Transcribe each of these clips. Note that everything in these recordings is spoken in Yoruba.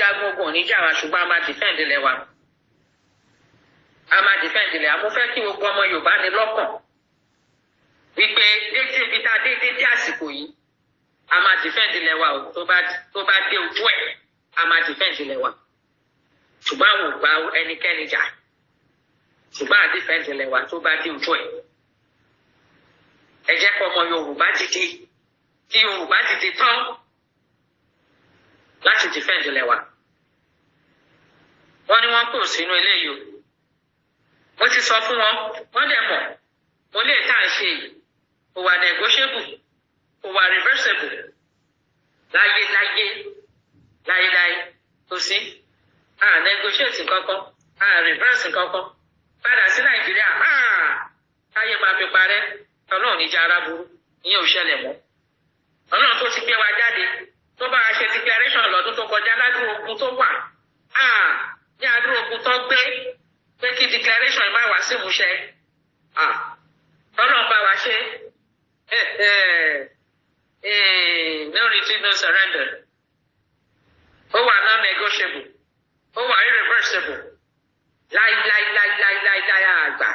jagun ogun oníjà wa ṣùgbọ́n a máa defend ilẹ̀ wa a máa defend ilẹ̀ àmọ́ kí gbogbo ọmọ Yorùbá ní lọ́kàn wípé déédéé bí ta déédéé dé àsìkò yìí a máa defend ilẹ̀ wa o tó bá dé ojú ẹ̀ a máa defend ilẹ̀ wa ṣùgbọ́n àwọn ò ẹnikẹ́ni jà ṣùgbọ́n a defend ilẹ̀ tó bá dé ojú ẹ̀ ẹ jẹ́ kó ọmọ Yorùbá ti di Yorùbá ti tán láti defend ilẹ̀ wa wọ́n ní wọ́n kò sínú eléyìí mo ti sọ fún wọn wọ́n dẹ̀ mọ̀ mo lè tá à ń ṣe yìí kò wà negotiable kò wà reversible láyé láyé láyé láyé kò sí à negotiate kankan à reverse kankan padà sí nàìjíríà táyé máa fi parẹ́ ọlọ́run ní jẹ́ aráburú ìyẹn ò ṣẹlẹ̀ mọ́ ọlọ́run tó ti gbé wa jáde tó bá a ṣe declaration lọ́dún tó kọjá ládùn ogun tó wà ní àdúrà ogun tó gbé pé kí declaration má wá sí ìmúṣẹ ọlọ́run bá wa ṣe eh, eh, eh, no retreat no surrender ó wà non negotiable ó wà irreversible láíláíláíláíláí àgbà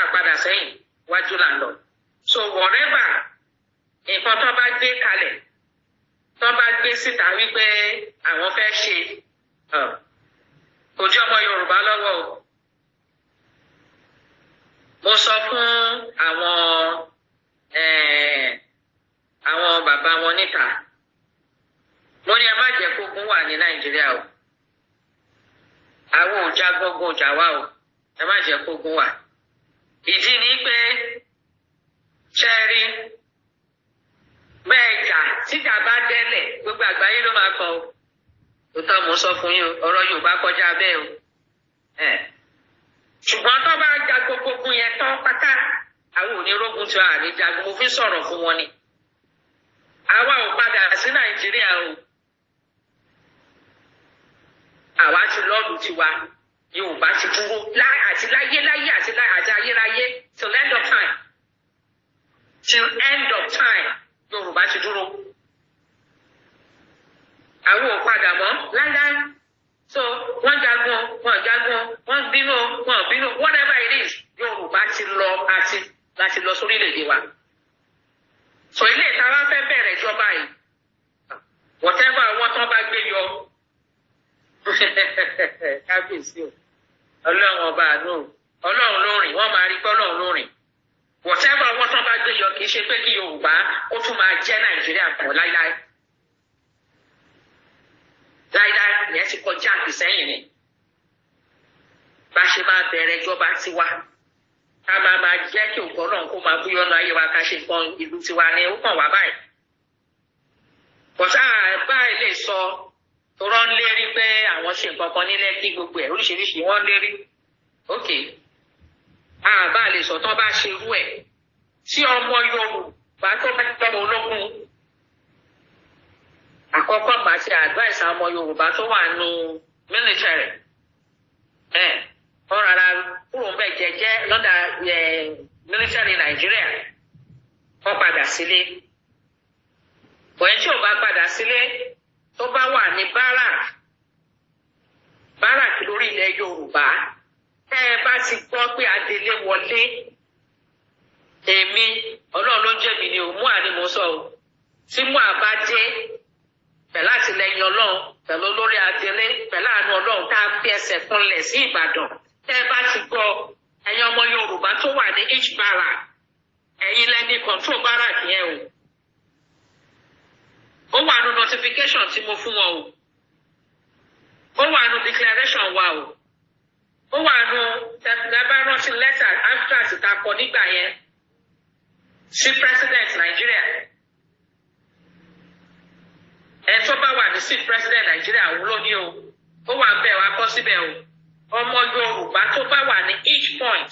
àgbàdà sẹ́yìn wájú là ń lọ so whatever nǹkan tó bá gbé kalẹ̀ tó bá gbé síta wípé àwọn fẹ́ ṣe. Uh, kò ọmọ Yorùbá lọ́wọ́ o mo sọ fún àwọn eh, àwọn bàbá wọn níta mo ní ẹ má jẹ́ kógun wà ní Nàìjíríà o àwọn ò já gbógun jà wá o ẹ má jẹ́ kógun wà ìdí ni pé ṣẹ́ẹ́rí bẹ́ẹ̀ jà tíjà bá délẹ̀ gbogbo àgbáyé ló máa kàn o tó tán sọ fún yín ọ̀rọ̀ Yorùbá kọjá bẹ́ẹ̀ o ṣùgbọ́n tó bá jagun gbogbo yẹn tán pátá àwọn onírógun tí wàá lè jagun mo fi sọ̀rọ̀ fún wọn ni àwa ò padà sí Nàìjíríà o àwa ti lọ́ọ̀lù tiwa Yorùbá ti dúró àti láyé láyé àti ayérayé till end of time till end of time Yorùbá ti dúró àwọn ò padà mọ́ láíláí so wọ́n jagun wọ́n jagun wọ́n bínú wọ́n bínú whatever it is yorùbá ti lọ àti láti lọ sórílẹ̀-èdè wa sọ ilé ìtara fẹ́ bẹ̀rẹ̀ ìjọba yìí whatever àwọn tán bá gbé yọ kábíyèsí o ọlọ́run ọba àánú ọlọ́run ló rìn wọ́n máa rí pé ọlọ́run ló rìn whatever àwọn tán bá gbé yọ kì í ṣe pé kí yorùbá ó tún máa jẹ́ nàìjíríà pọ̀ láíláí dáadáa yẹn ti kọjá àgbèsẹ́yìn ni bá ṣe máa bẹ̀rẹ̀ ìjọba tiwa ká máa máa jẹ́ kí nǹkan náà kó máa búyọ́nù ayé wa ká ṣe nǹkan ìlú tiwa ni ó kàn wá báyìí bọ̀tá báyìí lè sọ tọrọ ń lérí pé àwọn ṣe nǹkan kan nílẹ̀ kí gbogbo ẹ̀ oríṣiríṣi wọ́n lérí ok àbá lè sọ tán bá ṣerú ẹ̀ tí ọmọ Yorùbá tó bá tọmọ ológun akọkọ máa ṣe advice àwọn ọmọ yorùbá tó wà nù military ẹ wọ́n rárá kúrò ń bẹ̀ jẹ́jẹ́ lọ́dà military nigeria wọ́n padà sílé bọ̀yẹ́ tí ò bá padà sílé tó bá wà ní barak barak lórí ilẹ̀ yorùbá tẹ́ ẹ bá ti gbọ́ pé adelé wọlé èmi ọlọ́run ló ń jẹ̀bi ni ò mú àní sọ o tí mú àbá dé. pẹ̀lú àtìlẹyìn ọlọ́run pẹ̀lú olórí adélé pẹ̀lú àánú ọlọ́run tá a fi ẹsẹ̀ kanlẹ̀ sí ìbàdàn tẹ́ ẹ bá ti gbọ́ ẹ̀yin ọmọ yorùbá tó wà ní each barrack ẹ̀yin lẹ́ni control barrack yẹn o ó wà nù notification tí mo fún wọn o ó wà nù declaration wa o ó wà nù tẹ̀lẹ́bá rántí lẹ́tà abstract tá kọ nígbà yẹn sí president nàìjíríà. wà ní sí president Nigeria. òun ló ní o ó wà ń bẹ̀ wá kọ́ síbẹ̀ o ọmọ yorùbá tó bá wà ní each point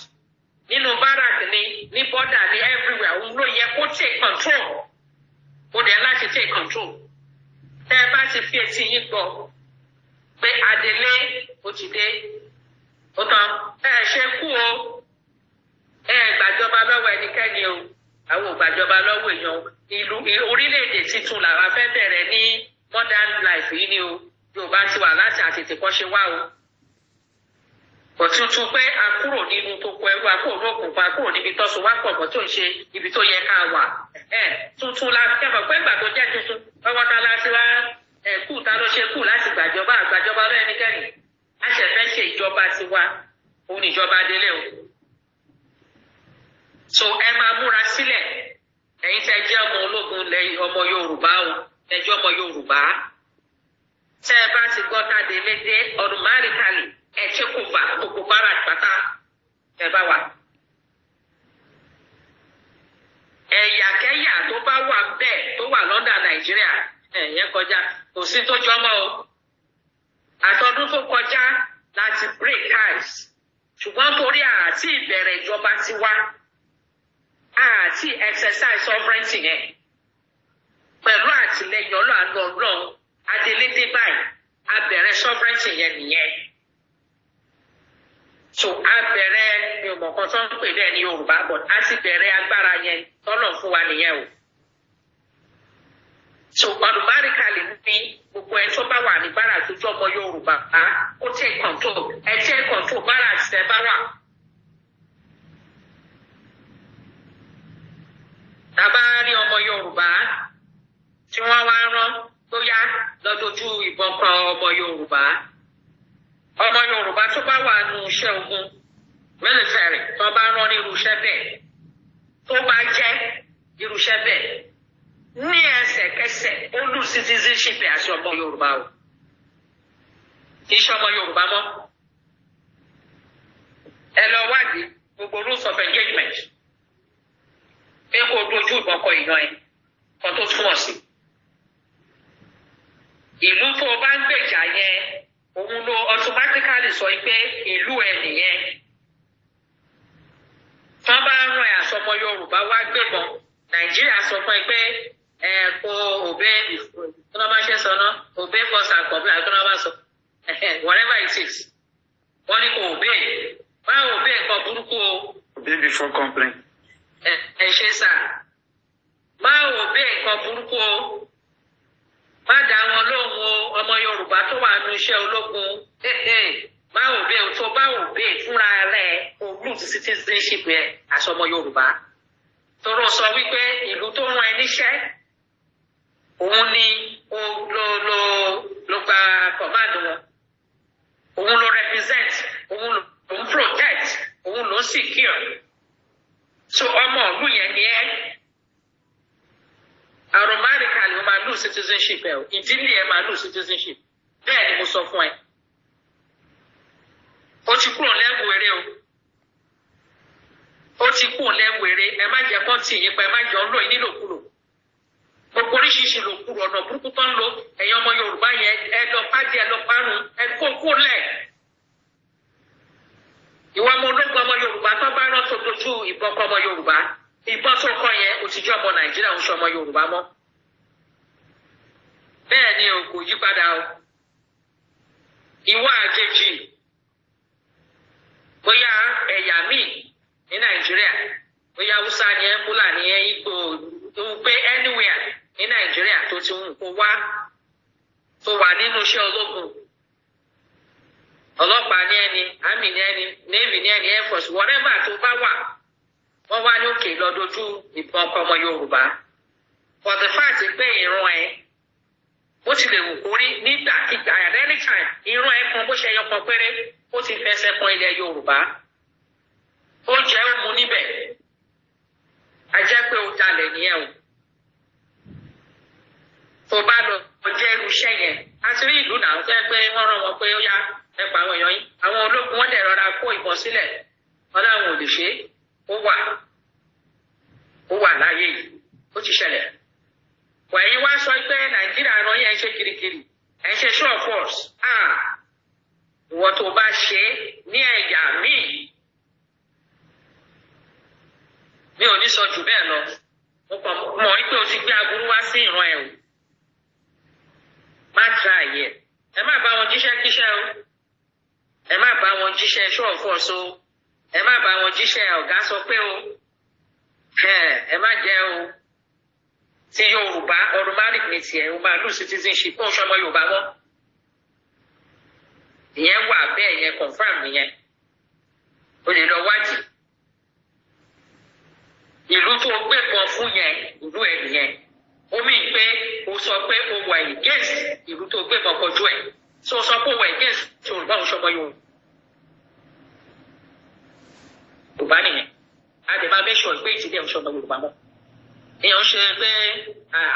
nínú barak ni ní bọ́dà ní everywhere òun ló yẹ kó take control ó dẹ̀ láti take control tẹ́ ẹ bá ti fi etí yín gbọ́ pé adelé ó ti dé ó tán ẹ ṣe kú o ẹ gbàjọba lọ́wọ́ ẹnikẹ́ni o àwọn ò gbàjọba lọ́wọ́ èèyàn ìlú orílẹ̀-èdè tuntun làwọn afẹ́ bẹ̀rẹ̀ ní modern life yìí ni o yorùbá ti wà láti àtètè kọ́ ṣe wá o kò tuntun pé a kúrò nínú kókó ẹrú a kúrò lóògùn pa kúrò níbi tó so wá pọ̀ pọ̀ tó ń ṣe ibi tó yẹ ká wà ẹ tuntun la kẹfọ pé ìgbà tó jẹ́ tuntun ọwọ́ ta la ti wá ẹ kú ta ló ṣe kú láti gbàjọba àgbàjọba lọ ẹnikẹ́ni a ṣẹ̀ fẹ́ ṣe ìjọba tiwa òun ìjọba délé o so ẹ máa múra sílẹ̀ ẹ̀yin tẹ́ jẹ́ ọmọ ológun lẹ́yìn ọmọ yorùbá o ẹjọ́ ọmọ Yorùbá tẹ́ ẹ bá ti gbọ́ tàdé lédè ọdún márìkàlì ẹ ti kò bá gbogbo bára pátá ẹ bá wà. ẹ̀yàkẹ́yà tó bá wà bẹ́ẹ̀ tó wà lọ́dà Nàìjíríà ẹ̀yẹn kọjá kò sí tó jọmọ́ o àtọdún tó kọjá láti break ties ṣùgbọ́n torí àti ìbẹ̀rẹ̀ ìjọba tiwa àti exercise sovereignty yẹn pẹ̀lú àtìlẹyìn ọlọ́àánú ọlọ́run adélédé báyìí a bẹ̀rẹ̀ sovereignty yẹn nìyẹn so a bẹ̀rẹ̀ mi ò mọ̀ kan tó ń pè bẹ́ẹ̀ ní yorùbá but a ti bẹ̀rẹ̀ agbára yẹn tọ́lọ̀ fún wa nìyẹn o so olùbáríkàlì ní gbogbo ẹ tó bá wà ní bára àtúntò ọmọ yorùbá ó tẹ kọńtò ẹ tẹ kọńtò bára àtìlẹ bá wà. tá a bá rí ọmọ yorùbá tí wọ́n wá rán tó yá lọ́dọ̀jú ìbọn kan ọmọ Yorùbá ọmọ Yorùbá tó bá wà nù iṣẹ́ ogun mílítẹ̀rì tó bá rán ní irúṣẹ́ bẹ́ẹ̀ tó bá jẹ́ irúṣẹ́ bẹ́ẹ̀ ní ẹsẹ̀kẹsẹ̀ ó lù citizenship àti ọmọ Yorùbá o kì í ṣe ọmọ Yorùbá mọ́ ẹ lọ wádìí gbogbo rules of engagement pé kó dojú ìbọn kọ ìyan ẹ kó tó túmọ̀ sí i ìlú tó o bá ń gbèjà yẹn òun ló automatically sọ pé ìlú ẹ nìyẹn tán bá ń ràn àsọmọ yorùbá wá gbébọn nàìjíríà sọ fún ẹ pé ẹ kó òbẹ ìfúnnámáṣẹ sọ náà òbẹ bọsà kọbí àgbọnàmá sọ whatever it is wọn ní kò òbẹ wọn òbẹ nǹkan burúkú o. òbẹ before complain. ẹ ẹ ṣe sà máa òbẹ nǹkan burúkú o má dá wọn lóhùn ọmọ yorùbá tó wà nínú iṣẹ́ ológun má ò bẹ ò tó bá bẹ fúnra rẹ̀ olùd citizenship yẹn àti ọmọ yorùbá tọrọ sọ wípé ìlú tó rán ẹ níṣẹ́ òun ni ló gba command wọn òun ló represent òun ló protect òun ló secure so ọmọ ọdún yẹn ni ẹ àrùn No citizenship ẹ o ìdílé ẹ máa lose citizenship bẹ́ẹ̀ ni mo sọ fún ẹ o ti kúrò lẹ́wọ̀ eré o o ti kúrò lẹ́wọ̀ eré ẹ má jẹ́ kọ́ńtì yín pa ẹ má jẹ́ ọ́ lóyún nílòkulò gbogbo oríṣiríṣi ló kúrò ọ̀nà burúkú tó ń lò ẹ̀yin ọmọ Yorùbá yẹn ẹ lọ pàdé ẹ lọ parun ẹ kó kú lẹ̀. ìwọ ọmọ ológun ọmọ Yorùbá tó bá rán tó dojú ìbọn kọ ọmọ Yorùbá ìbọn tó kọ yẹn òtijọ́ ọmọ Nàìjíríà ń sọ ọmọ Yorùbá mọ́. bẹ́ẹ̀ ni o kò yí padà o ìwọ àjèjì bóyá ẹ̀yà míì ní nàìjíríà bóyá haúsá ni ẹ fúlàní ẹ igbó tó gbé anywhere ní nàìjíríà tó ti wù kó wá tó wà nínú iṣẹ́ ológun ọlọ́pàá ní ẹni army ní ẹni navy ní ẹni air force whatever tó bá wà wọ́n wá ní òkè lọ dojú ìbọn ọkọ ọmọ yorùbá for the fact pé ìran bó tilẹ̀ wù kó rí nígbà ìgbà at kan péré ó ti fẹsẹ̀ kan ilẹ̀ yorùbá ó jẹ́ òmu níbẹ̀ a jẹ́ pé ó dalẹ̀ nìyẹn o tó bá lọ jẹ́ irú yẹn a ti rí ìlú náà jẹ́ pé wọ́n rán wọn pé ó yá wọn dẹ̀ rọra kó ìbọn sílẹ̀ wọn láwọn ò lè ṣe é ó wà ó wà yìí ó ti ṣẹlẹ̀. wẹ̀yìn wá sọ pé nàìjíríà rán yẹn ṣe kirikiri ẹ̀ ń ṣe show of force ah! ìwọ tó bá ṣe ní ẹ̀yà míì mi ò ní sọ jù bẹ́ẹ̀ lọ mo mọ̀ pé o ti gbé aburú wá sí ìran ẹ̀ o má tra yẹ ẹ má bá wọn jíṣẹ́ kíṣẹ́ o ẹ má bá wọn jíṣẹ́ show of force o ẹ má bá wọn jíṣẹ́ ọ̀gá sọ pé o ẹ má jẹ́ o. ti yorùbá automatic ní tiẹ̀ o máa lose citizenship fún ọmọ yorùbá mọ́ ìyẹn wà bẹ́ẹ̀ yẹn confam yẹn o lè lọ wádìí ìlú tó gbé kan fún yẹn ìlú ẹ̀ nìyẹn omi pé o sọ pé o wà against ìlú tó gbé kan kọjú ẹ̀ so sọ pé o wà against yorùbá òun ṣọmọ yorùbá yorùbá nìyẹn a lè máa mẹ́sọ̀ pé ìtìlẹ̀ òun yorùbá mọ́ èèyàn ṣe pé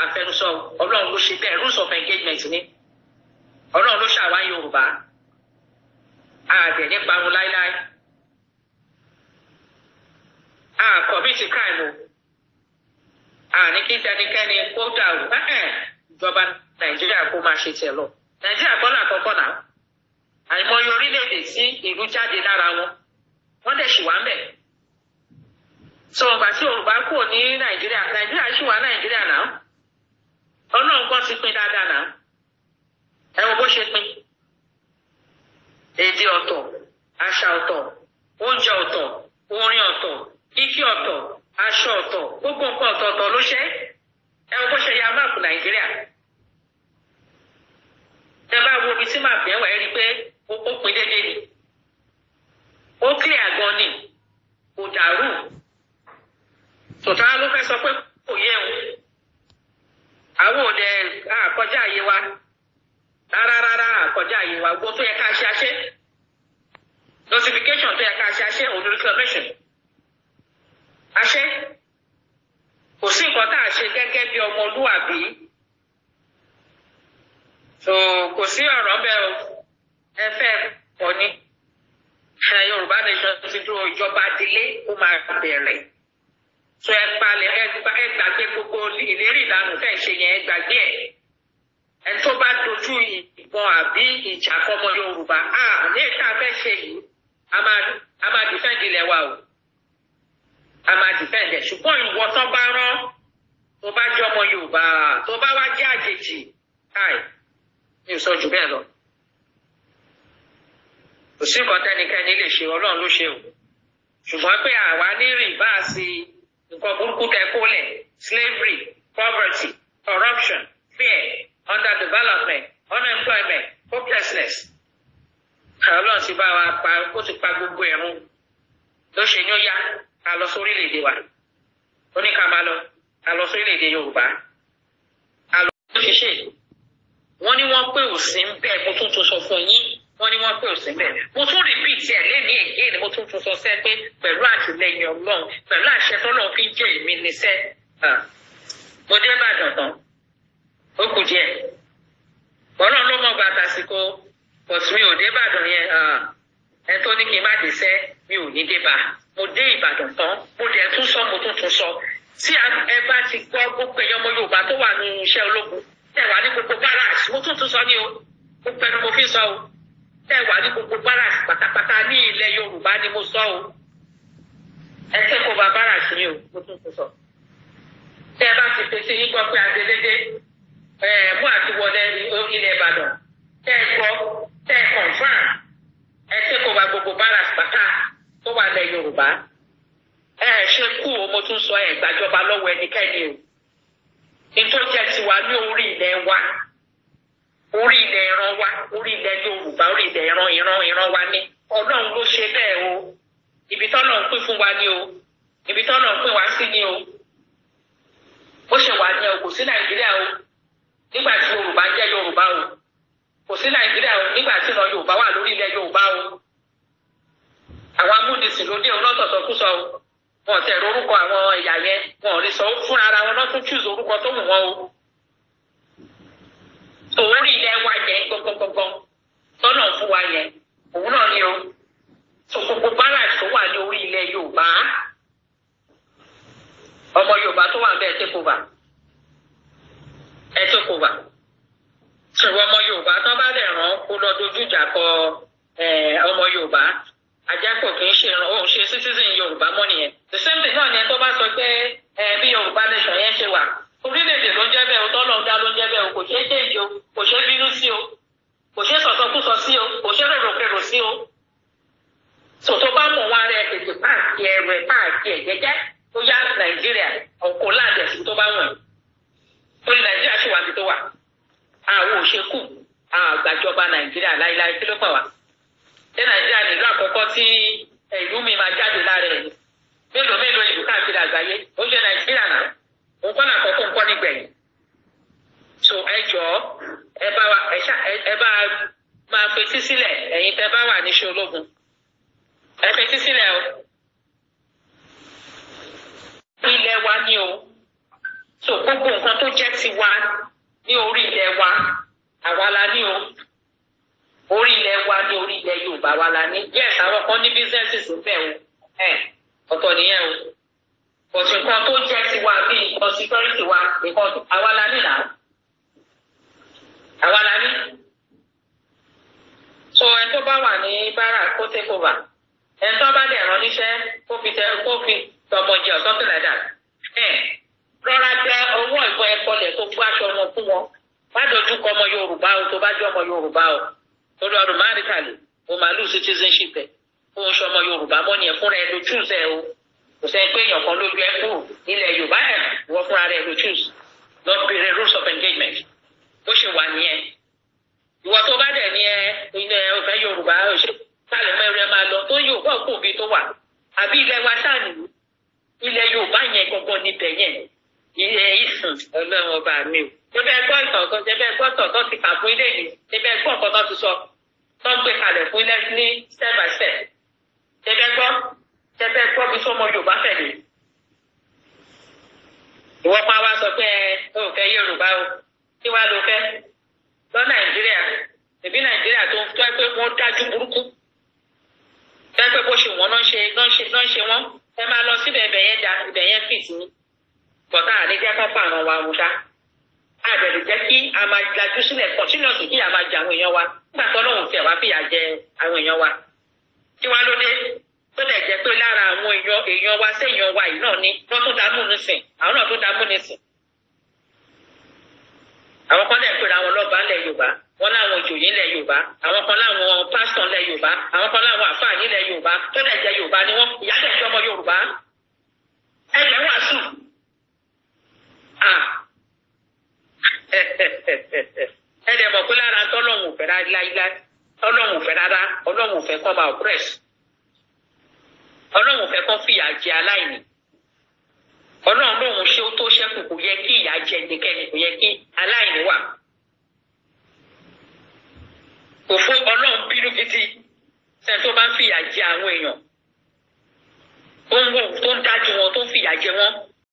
àfẹnusọ ọlọ́run ló ṣe bẹ́ẹ̀ rules of engagement ni ọlọ́run ló ṣàwá yorùbá àgbẹ̀ nípa wọn láéláé a kọ̀míìtì crime o a ní kí tẹnikẹ́ni kó dàrú ìjọba nàìjíríà kó máa ṣe tẹ̀ lọ nàìjíríà kọ́ là kọ́kọ́ náà àìmọye orílẹ̀-èdè sí ìlú jáde lára wọn wọ́n dẹ̀ ṣì wá ń bẹ̀. sọ̀rọ̀gbà tí Yorùbá kúrò ní Nàìjíríà Nàìjíríà ṣì wà Nàìjíríà náà ọlọ́run gbọ́ ti pin dáadáa náà ẹ wo bó ṣe pin. èdè ọ̀tọ̀ àṣà ọ̀tọ̀ oúnjẹ ọ̀tọ̀ orin ọ̀tọ̀ kíkí ọ̀tọ̀ aṣọ ọ̀tọ̀ gbogbo nǹkan ọ̀tọ̀ọ̀tọ̀ ló ṣe ẹ wo bó ṣe ya máàpù Nàìjíríà ẹ bá wo ibi tí máàpù yẹn wà ẹ rí i pé ó pín déédéé ni ó kílẹ̀ àgọ́ ni kò dàrú. sọ̀tà ló fẹ́ sọ pé kò yẹ òun àwọn ò dẹ̀ àkọjá àyè wa rárá rárá àkọjá àyè wa gbogbo tó yẹ ká ṣe aṣẹ́ notification tó yẹ ká ṣe aṣẹ́ òun reclamation aṣẹ́ kò sí nǹkan tá a ṣe gẹ́gẹ́ bí ọmọlúwàbí so kò sí ọ̀rọ̀ bẹ́ẹ̀ o ẹ fẹ́ kọ́ ni yorùbá nation ti dúró ìjọba délé ó máa bẹ̀rẹ̀ sọ ẹ palẹ̀ ẹ gbàgbé gbogbo ìlérí ìlànà fẹ́ ṣe yẹn ẹ gbàgbé ẹ ẹ tó bá dojú ìbọn àbí ìjà fọmọ Yorùbá à ní ètò abẹ́ ṣe yìí a máa dìfẹ́ǹdì ilẹ̀ wa o a máa dìfẹ́ǹdì ẹ̀ ṣùgbọ́n ìwọ tán bá rán tó bá jẹ́ ọmọ Yorùbá tó bá wá jẹ́ àjèjì káì mi ò sọ jù bẹ́ẹ̀ lọ kò sí nǹkan tẹ́nikẹ́ni lè ṣe Ọlọ́run ló ṣe o ṣùgbọ́n pé àwa ní rìbáàsì nǹkan burúkú tẹ kó lẹ̀ slavery poverty corruption fear underdevelopment unemployment hopelessness ọlọ́run ti bá wa pa ó ti pa gbogbo ẹ̀rún ló ṣe ní ó yá ká lọ sórílẹ̀-èdè wa ó ní ká máa lọ ká lọ sórílẹ̀-èdè yorùbá ká lọ sí ṣe wọ́n ní wọ́n pé òsín bẹ́ẹ̀ mo tún tún sọ fún yín wọ́n ní wọ́n pè ó síbẹ̀ mo tún rìpíìtì ẹ̀ lé ní èké ni mo tún tún sọ sẹ́ pé pẹ̀lú àtìlẹyìn ọlọ́run pẹ̀lú àṣẹ tọ́lọ́run fi ń jẹ́ èmi níṣẹ́ mo dé Ìbàdàn tán ó kù díẹ̀ ọlọ́run ló mọ̀ gbàtà síkò bọ̀tù mi ò dé Ìbàdàn yẹn ẹ tó ní kí n má dé sẹ́ mi ò ní dé bá mo dé Ìbàdàn tán mo dẹ̀ tún sọ mo tún tún sọ tí ẹ bá ti gbọ́ gbogbo ẹ̀yọ́ ọmọ Yorùbá tó wà nínú iṣẹ́ ológun tẹ̀ wá ní gbogbo barracks mo tún tún sọ ní o gbogbo ẹnu mo fi sọ o tẹ́ wà ní gbogbo barracks pátápátá ní ilẹ̀ Yorùbá ni mo sọ o ẹ kẹ́kọ̀ọ́ bá barracks ni o mo tún sọ tẹ́ bá ti fèsì yín gbọ́ pé adédédé ẹ mú àtiwọlé ilẹ̀ Ìbàdàn tẹ́ ẹ gbọ́ tẹ́ ẹ confam ẹ kẹ́kọ̀ọ́ bá gbogbo barracks pátá tó wà lẹ̀ Yorùbá ẹ ṣe kú o mo tún sọ ẹ gbàjọba lọ́wọ́ ẹnikẹ́ni o nítorí ẹ ti wà ní orí ilẹ̀ wa. orí ilẹ̀ ìran wa orí ilẹ̀ yorùbá orí ilẹ̀ ìran ìran ìran wa ni ọlọ́run ló ṣe bẹ́ẹ̀ o ibi tọ́nà ń pín fún wa ni o ibi tọ́nà ń pín wá sí ni o ó ṣe wà ní o kò sí nàìjíríà o nígbà tí yorùbá jẹ́ yorùbá o kò sí nàìjíríà o nígbà tí ìran yorùbá wà lórí ilẹ̀ yorùbá o àwọn amúnisìn ló dé ọlọ́tọ̀ọ̀tọ̀ kú sọ o wọn ò tẹ̀ lórúkọ àwọn ẹ̀yà yẹn wọn ò lè sọ fúnra ara wọn lọ́tún chúùsì orúkọ tó wù wọn o. òórì ilẹ̀ wa yẹn gangan tọ́nà fún wa yẹn òun náà ni o so gbogbo tó ní orí ilẹ̀ Yorùbá ọmọ Yorùbá tó wà bẹ́ẹ̀ tẹ́kọ̀ọ́ ẹ tẹ́kọ̀ọ́ bá ọmọ Yorùbá tó bá lè ràn kó lọ dojú ìjà kọ ọmọ Yorùbá kì í ṣe citizen Yorùbá mọ́ nìyẹn the same thing náà sọ pé bí Yorùbá nation yẹn ṣe wà láéláé kí ló nàìjíríà nílùú àkọ́kọ́ tí eh, ìlú mi máa jáde lára ẹ̀ mélòó mélòó ìlú káàkiri àgbáyé ó ṣe nàìjíríà náà òun kọ́ làkọ́kọ́ ń kọ́ nígbẹ̀yìn so ẹ jọ̀ọ́ ẹ bá máa fetí sílẹ̀ ẹ̀yin bá wà níṣẹ́ ológun ẹ fetí sílẹ̀ o yorùbá wa la ní yẹ àwọn kan ní bísẹ́ẹ̀sì síbẹ̀ o ẹ ọ̀tọ̀ nìyẹn o kòsì nǹkan tó jẹ́ tiwa bíi nǹkan síkírítì wa nǹkan àwa la ní náà àwa la ní. so ẹ tó bá wà ní bára kó take over ẹ tó bá dẹ̀ rán níṣẹ́ kó fi tẹ kó fi tọmọ jẹ or something like that ẹ rọra tẹ ọwọ́ ìbọn ẹ̀kọ́ lẹ̀ tó gbọ́ aṣọ ọmọ fún wọn má dojú kọ ọmọ yorùbá o tó bá jẹ́ ọmọ yorùbá o torí ọdún márùn-ún kàlẹ́ o máa lù citizenship ẹ fún oṣù ọmọ yorùbá mọ́ nìyẹn fúnra ẹ ló choose ẹ o kò sẹ́ni pé èèyàn kan lójú ẹ kú nílẹ̀ yorùbá ẹ wọ́n fúnra rẹ ló choose lọ bèrè rules of engagement bó ṣe wà nìyẹn ìwọ tó bá dẹ̀ ní ẹ ilẹ̀ ọ̀fẹ́ yorùbá ṣe sálẹ̀ mẹ́rin ẹ máa lọ tó yorùbá òkú òbí tó wà àbí ilẹ̀ wa sáà nìyí ilẹ̀ yorùbá yẹn gangan níbẹ̀ yẹn ilẹ̀ ìsìn ọlọ́run ọba mi o ṣé bẹ́ẹ̀ gbọ́ ìtàn kan ṣé bẹ́ẹ̀ ti kà ilé mi ṣé bẹ́ẹ̀ gbọ́ nǹkan ti sọ tó ń gbé kalẹ̀ fún ilé ní step by step tẹ́fẹ́ gbọ́ tẹ́fẹ́ gbọ́ bí sọ́mọ Yorùbá fẹ̀ lè ìwọ́n pa wá sọ pé ẹ ò fẹ́ Yorùbá o kí wàá lo fẹ́ lọ Nàìjíríà tẹ̀bí Nàìjíríà tó ń tọ́ ẹ pé wọ́n dájú burúkú tọ́ ẹ pé bó ṣe wọ́n náà ṣe náà ṣe wọ́n ẹ máa lọ síbẹ̀ ibẹ̀ yẹn da ibẹ̀ yẹn fìtì ní bọ̀tá àlejò pápá àwọn wa wò ṣá àbẹ̀rẹ̀ jẹ́ kí a máa lajú sílẹ̀ pọ̀ sílẹ̀ sí kí a máa jà àwọn èèyàn wa. gbàtọ́ lòun tiẹ̀ wá fìyà jẹ àwọn èèyàn wa kí wá ló tó lẹ̀ jẹ́ pé lára àwọn èèyàn wa séèyàn wa náà ni wọ́n tún dààmú nísìn àwọn náà tún dààmú nísìn. àwọn kan lè pèrè àwọn lọ́ba ńlẹ̀ Yorùbá wọn láwọn ńlẹ̀ Yorùbá àwọn kan láwọn pásítọ̀ ńlẹ̀ Yorùbá àwọn kan láwọn àfáà Yorùbá tó lẹ̀ jẹ́ Yorùbá ni ìyá ọmọ Yorùbá wà sùn. ẹ dẹ̀ mọ̀ pé lára tọ́lọ́hùn fẹ́ láíláí tọ́lọ́hùn fẹ́ rárá ọlọ́hùn fẹ́ kọ́ máa oppress ọlọ́hùn fẹ́ kọ́ fìyà jẹ aláìní ọlọ́run lòun ṣé ó tó ṣẹ́kù kò yẹ kí ìyà jẹ ẹnikẹ́ni kò yẹ kí aláìní wà kò fún ọlọ́run bínú títí sẹ́ni tó bá ń fìyà jẹ àwọn èèyàn tó ń dájú wọn tó fìyà jẹ wọn.